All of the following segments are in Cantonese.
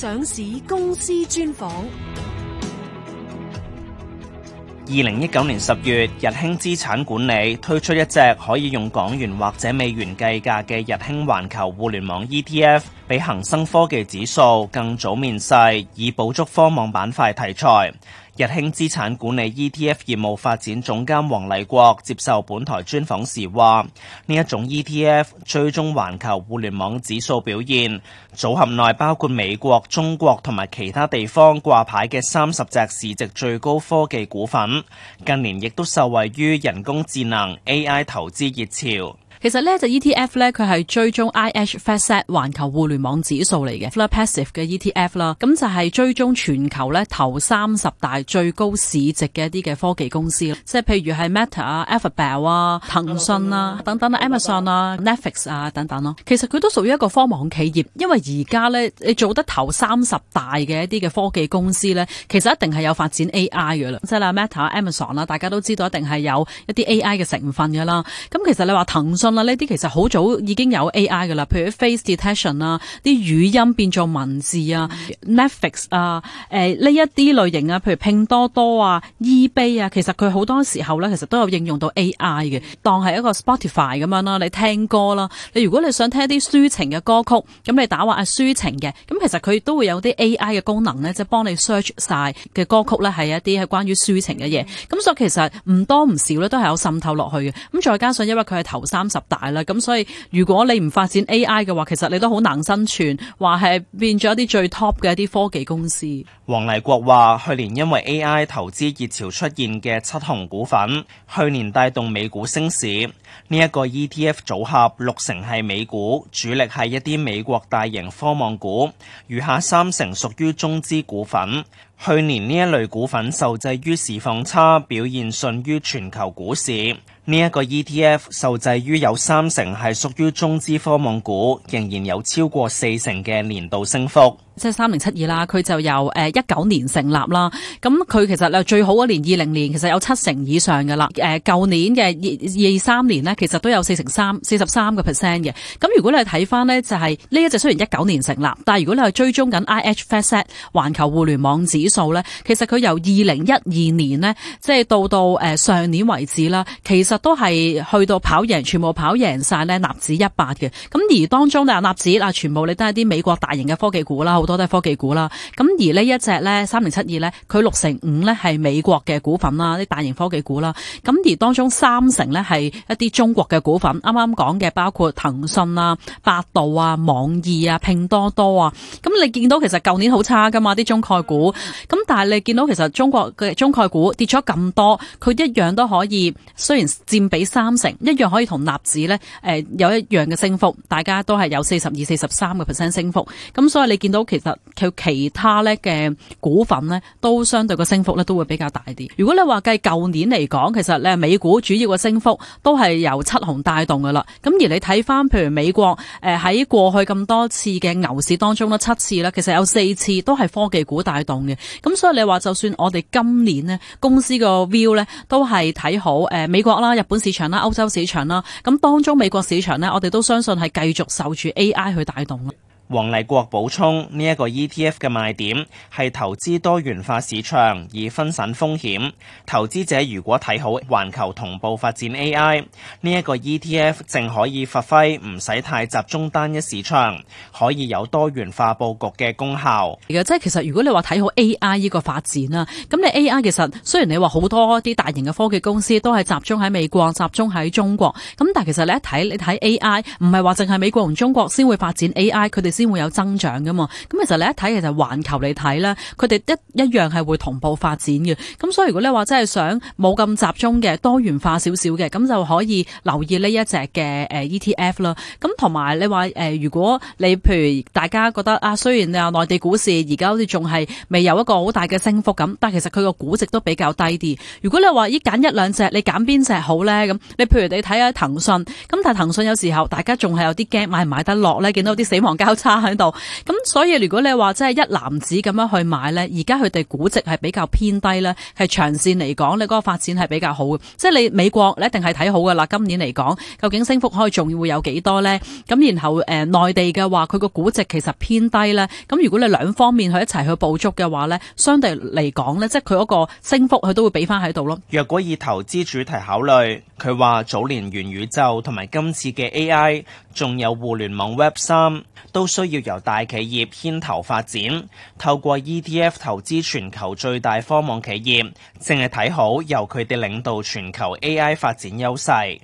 上市公司專訪。二零一九年十月，日興資產管理推出一隻可以用港元或者美元計價嘅日興環球互聯網 ETF，比恒生科技指數更早面世，以捕捉科網板塊題材。日興資產管理 ETF 業務發展總監黃麗幗接受本台專訪時話：呢一種 ETF 追蹤環球互聯網指數表現，組合內包括美國、中國同埋其他地方掛牌嘅三十隻市值最高科技股份，近年亦都受惠於人工智能 AI 投資熱潮。其實呢，就 ETF 咧，佢係追蹤 iEdge-Factset 環球互聯網指數嚟嘅，fla passive 嘅 ETF 啦，咁就係追蹤全球咧頭三十大最高市值嘅一啲嘅科技公司，即係譬如係 Meta Alphabet 啊、騰訊啊等等、Amazon 啊、Amazon，啊 Netflix 啊等等咯。其實佢都屬於一個科網企業，因為而家咧你做得頭三十大嘅一啲嘅科技公司咧，其實一定係有發展 AI 嘅啦，即、就、係、是、Meta、啊、Amazon 啦，大家都知道一定係有一啲 AI 嘅成分㗎啦。咁其實你話騰訊。呢啲其實好早已經有 AI 嘅啦，譬如 face detection 啊，啲語音變做文字啊、嗯、Netflix 啊，誒呢一啲類型啊，譬如拼多多啊、eBay 啊，其實佢好多時候咧，其實都有應用到 AI 嘅，當係一個 Spotify 咁樣啦，你聽歌啦，你如果你想聽一啲抒情嘅歌曲，咁你打話抒情嘅，咁其實佢都會有啲 AI 嘅功能咧，即係幫你 search 晒嘅歌曲咧係一啲係關於抒情嘅嘢，咁、嗯、所以其實唔多唔少咧，都係有滲透落去嘅，咁再加上因為佢係頭三十。大啦，咁所以如果你唔發展 AI 嘅話，其實你都好難生存。話係變咗一啲最 top 嘅一啲科技公司。黃麗幗話：去年因為 AI 投資熱潮出現嘅七雄股份，去年帶動美股升市。呢、這、一個 ETF 組合六成係美股，主力係一啲美國大型科網股，餘下三成屬於中資股份。去年呢一類股份受制於市況差，表現遜於全球股市。呢一個 ETF 受制於有三成係屬於中資科網股，仍然有超過四成嘅年度升幅。即係三零七二啦，佢就由誒一九年成立啦。咁佢其實咧最好嗰年二零年，其實有七成以上㗎啦。誒，舊年嘅二二三年呢，其實都有四成三、四十三個 percent 嘅。咁如果你係睇翻呢，就係呢一隻雖然一九年成立，但係如果你係追蹤緊 iEdge-FactSet 環球互聯網指數呢，其實佢由二零一二年呢，即係到到誒上年為止啦，其實都係去到跑贏，全部跑贏晒呢納指一百嘅。咁而當中呢，納指啊，全部你都係啲美國大型嘅科技股啦。好多都係科技股啦，咁而呢一隻咧三零七二咧，佢六成五咧係美國嘅股份啦，啲大型科技股啦，咁而當中三成咧係一啲中國嘅股份，啱啱講嘅包括騰訊啊、百度啊、網易啊、拼多多啊，咁你見到其實舊年好差噶嘛啲中概股，咁但係你見到其實中國嘅中概股跌咗咁多，佢一樣都可以，雖然佔比三成，一樣可以同納指咧誒有一樣嘅升幅，大家都係有四十二、四十三個 percent 升幅，咁所以你見到。其實佢其他咧嘅股份呢都相對個升幅呢都會比較大啲。如果你話計舊年嚟講，其實咧美股主要嘅升幅都係由七雄帶動噶啦。咁而你睇翻譬如美國誒喺過去咁多次嘅牛市當中呢七次啦，其實有四次都係科技股帶動嘅。咁所以你話就算我哋今年呢公司個 view 呢都係睇好誒美國啦、日本市場啦、歐洲市場啦。咁當中美國市場呢，我哋都相信係繼續受住 AI 去帶動啦。黃麗幗補充：呢一個 ETF 嘅賣點係投資多元化市場以分散風險。投資者如果睇好環球同步發展 AI，呢一個 ETF 正可以發揮唔使太集中單一市場，可以有多元化佈局嘅功效。即係其實如果你話睇好 AI 呢個發展啊，咁你 AI 其實雖然你話好多啲大型嘅科技公司都係集中喺美國，集中喺中國，咁但其實你一睇你睇 AI，唔係話淨係美國同中國先會發展 AI，佢哋，先會有增長噶嘛？咁其實你一睇其實環球你睇啦，佢哋一一樣係會同步發展嘅。咁所以如果你話真係想冇咁集中嘅多元化少少嘅，咁就可以留意呢一隻嘅 ETF 啦。咁同埋你話，呃，如果你譬如大家覺得啊，雖然你話內地股市而家好似仲係未有一個好大嘅升幅咁，但其實佢個估值都比較低啲。如果你話依揀一兩隻，你揀邊隻好咧？咁你譬如你睇下騰訊，咁但係騰訊有時候大家仲係有啲驚買唔買得落咧，見到啲死亡交叉，喺度咁，所以如果你話即係一籃子咁樣去買呢，而家佢哋估值係比較偏低呢。係長線嚟講，你嗰個發展係比較好，即係你美國你一定係睇好噶啦。今年嚟講，究竟升幅可以仲會有幾多呢？咁然後誒，內地嘅話，佢個估值其實偏低呢。咁如果你兩方面去一齊去捕捉嘅話呢，相對嚟講呢，即係佢嗰個升幅，佢都會俾翻喺度咯。若果以投資主題考慮，佢話早年元宇宙同埋今次嘅 AI，仲有互聯網 Web 三都。需要由大企業牽頭發展，透過 ETF 投資全球最大科網企業，淨係睇好由佢哋領導全球 AI 發展優勢。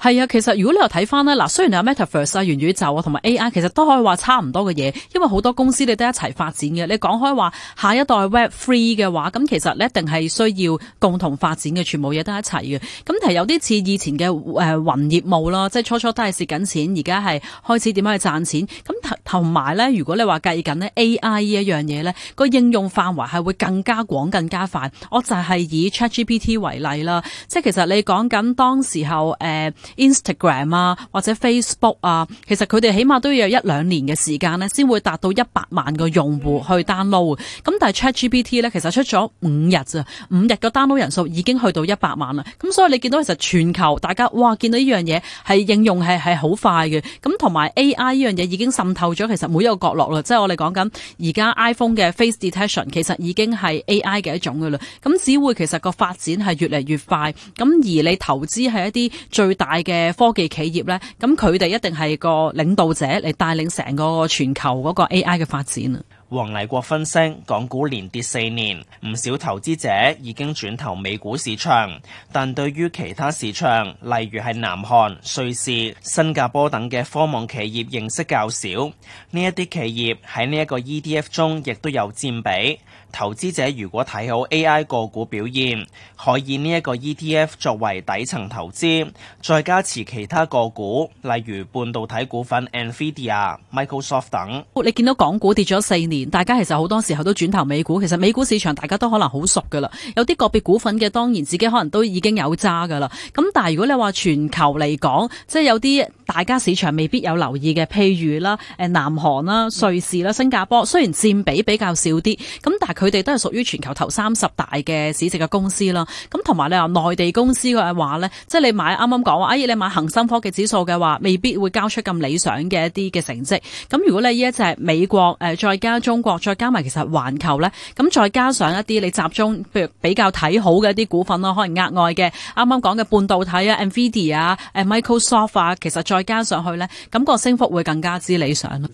係啊，其實如果你又睇翻啦。嗱雖然有 Metaverse 啊、元宇宙啊同埋 A.I.，其實都可以話差唔多嘅嘢，因為好多公司你都一齊發展嘅。你講開話下一代 Web Three 嘅話，咁其實你一定係需要共同發展嘅，全部嘢都一齊嘅。咁實有啲似以前嘅誒雲業務啦，即係初初都係蝕緊錢，而家係開始點樣去賺錢。咁同埋呢，如果你話計緊呢 A.I. 呢一樣嘢呢，個應用範圍係會更加廣、更加快。我就係以 ChatGPT 為例啦，即係其實你講緊當時候誒。呃 Instagram 啊，或者 Facebook 啊，其實佢哋起碼都要有一兩年嘅時間咧，先會達到一百萬個用戶去 download。咁但係 ChatGPT 咧，其實出咗五日咋，五日個 download 人數已經去到一百萬啦。咁所以你見到其實全球大家哇，見到呢樣嘢係應用係係好快嘅。咁同埋 AI 呢樣嘢已經滲透咗其實每一個角落啦。即係我哋講緊而家 iPhone 嘅 Face Detection 其實已經係 AI 嘅一種噶啦。咁只會其實個發展係越嚟越快。咁而你投資係一啲最大。嘅科技企業咧，咁佢哋一定係個領導者嚟，帶領成個全球嗰個 AI 嘅發展啊！黃麗幗分析，港股連跌四年，唔少投資者已經轉投美股市場。但對於其他市場，例如係南韓、瑞士、新加坡等嘅科網企業認識較少。呢一啲企業喺呢一個 ETF 中亦都有佔比。投資者如果睇好 AI 個股表現，可以呢一個 ETF 作為底層投資，再加持其他個股，例如半導體股份 Nvidia、Microsoft 等。你見到港股跌咗四年。大家其實好多時候都轉投美股，其實美股市場大家都可能好熟㗎啦。有啲個別股份嘅當然自己可能都已經有揸㗎啦。咁但係如果你話全球嚟講，即係有啲大家市場未必有留意嘅，譬如啦，誒南韓啦、瑞士啦、新加坡，雖然佔比比較少啲，咁但係佢哋都係屬於全球頭三十大嘅市值嘅公司啦。咁同埋你話內地公司嘅話呢，即係你買啱啱講話，哎，你買恒生科技指數嘅話，未必會交出咁理想嘅一啲嘅成績。咁如果呢依一隻美國誒再加，中國再加埋其實環球咧，咁再加上一啲你集中，譬如比較睇好嘅一啲股份咯，可能額外嘅，啱啱講嘅半導體啊，NVIDIA 啊，誒 Microsoft 啊，其實再加上去咧，咁個升幅會更加之理想咯。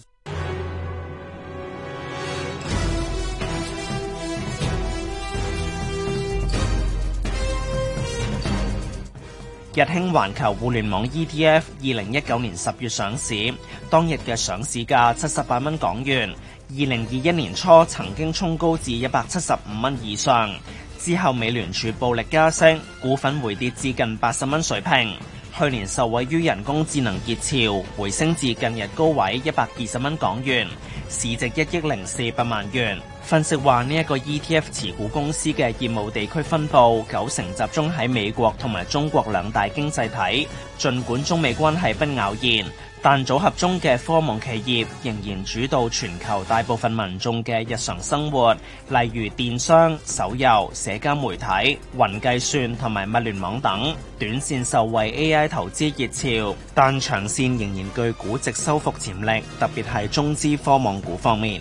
日興環球互聯網 ETF 二零一九年十月上市，當日嘅上市價七十八蚊港元。二零二一年初曾經衝高至一百七十五蚊以上，之後美聯儲暴力加升，股份回跌至近八十蚊水平。去年受惠於人工智能熱潮，回升至近日高位一百二十蚊港元，市值一億零四百萬元。分析話呢一個 ETF 持股公司嘅業務地區分佈，九成集中喺美國同埋中國兩大經濟體。儘管中美關係不偶然，但組合中嘅科網企業仍然主導全球大部分民眾嘅日常生活，例如電商、手遊、社交媒體、雲計算同埋物聯網等。短線受惠 AI 投資熱潮，但長線仍然具估值修復潛力，特別係中資科網股方面。